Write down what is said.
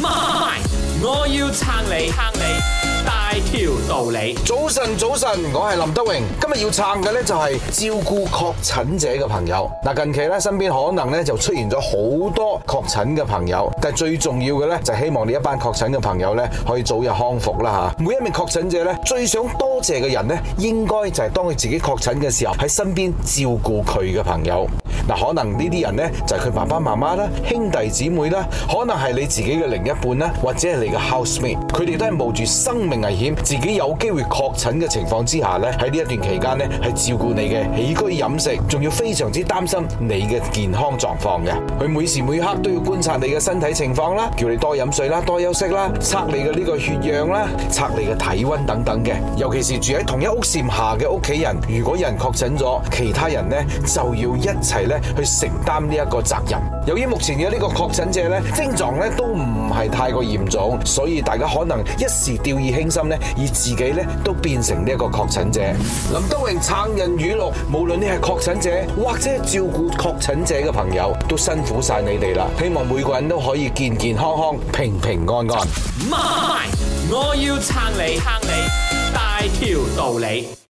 媽咪，我要撐你，撐你大條道理。早晨，早晨，我係林德榮，今日要撐嘅呢，就係照顧確診者嘅朋友。嗱，近期呢，身邊可能呢，就出現咗好多確診嘅朋友，但係最重要嘅呢，就係希望呢一班確診嘅朋友呢，可以早日康復啦吓。每一名確診者呢，最想多謝嘅人呢，應該就係當佢自己確診嘅時候喺身邊照顧佢嘅朋友。嗱，可能呢啲人呢，就係佢爸爸媽媽啦、兄弟姊妹啦，可能係你自己嘅另一半啦，或者係你嘅 housemate，佢哋都係冒住生命危險，自己有機會確診嘅情況之下呢，喺呢一段期間呢，係照顧你嘅起居飲食，仲要非常之擔心你嘅健康狀況嘅。佢每時每刻都要觀察你嘅身體情況啦，叫你多飲水啦、多休息啦，測你嘅呢個血氧啦、測你嘅體溫等等嘅。尤其是住喺同一屋檐下嘅屋企人，如果有人確診咗，其他人呢，就要一齊，去承擔呢一個責任。由於目前嘅呢個確診者呢，症狀呢都唔係太過嚴重，所以大家可能一時掉以輕心呢，而自己呢都變成呢一個確診者林。林德榮撐人語錄：無論你係確診者或者照顧確診者嘅朋友，都辛苦晒你哋啦。希望每個人都可以健健康康、平平安安。我要撐你，撐你，大條道理。